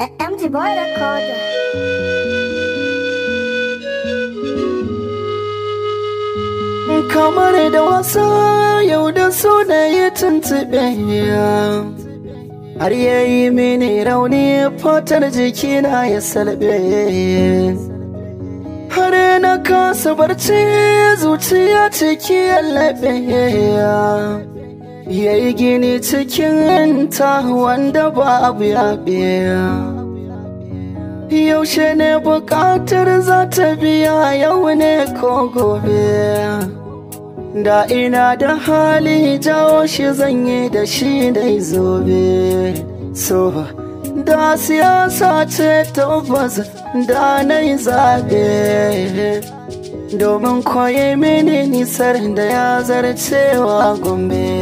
Empty boy recorder. Kamar da wasa yau da da ya tuntuɓe har ya yi mini rauni fatar jikina ya salbe. Har na kasa barci zuciya ciki ya laɓe ya yi gini cikin ta wanda babu ya biya yaushe ne bukatar za ta biya yau ne ko gobe da ina da hali jawo shi zanye da shi dai zobe so da siyasa ce tabbas da na yi zaɓe domin koyi mini nisar da ya zarcewa gombe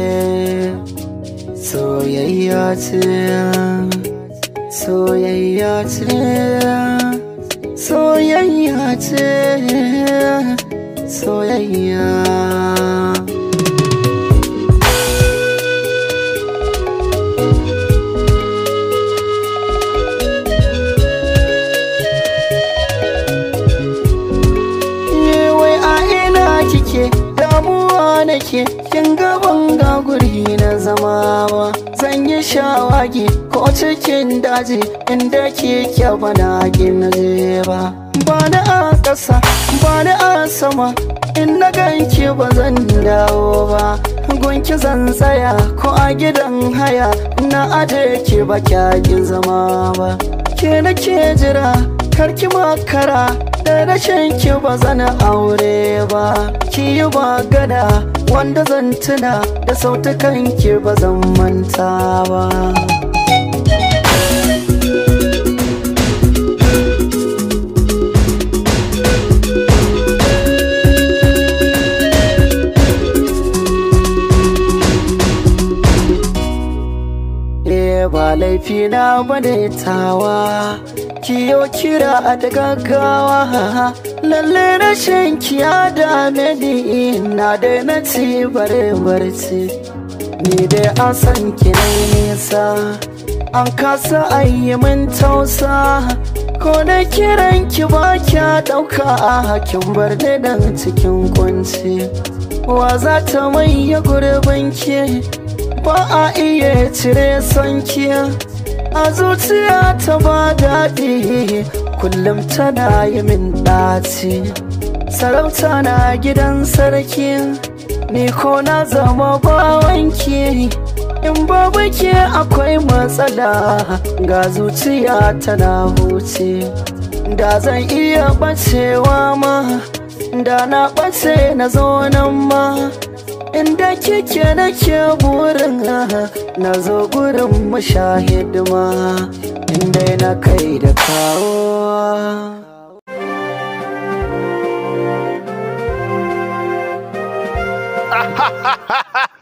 soyayya ce soyayya ce soyayya ce soyayya damuwa nake kin ga banga gurbi na zama ba zan yi shawagi ko cikin daji inda ke kya na gina ba ba na a ƙasa ba na a sama in na ganki ba zan dawo ba gunki zan tsaya ko a gidan haya na aje ki ba kyakin zama ba ke nake jira karki makara da rashin ki ba zan aure ba ki yi magana wanda zan tuna da sautukan ki ba zan manta ba ba laifi na bane tawa kiyo kira a da gaggawa lalle rashin kiya da ni na na ci bare barci ni dai an san ki nisa an kasa min tausa ko na kiran ki ba kya dauka a hakin bar dan cikin kunci wa za ta ya gurbin ki ba a iya cire sankiya a zuciya ta ba daɗi kullum tana yi min ɗaci sarauta na gidan sarki ni ko na zama bawanki in ba ke akwai matsala ga zuciya tana huce da zan iya ɓacewa ma da na ɓace na zo nan ma Abin da kike nake burin na zo gurin mashahidima inda na kai da kawo.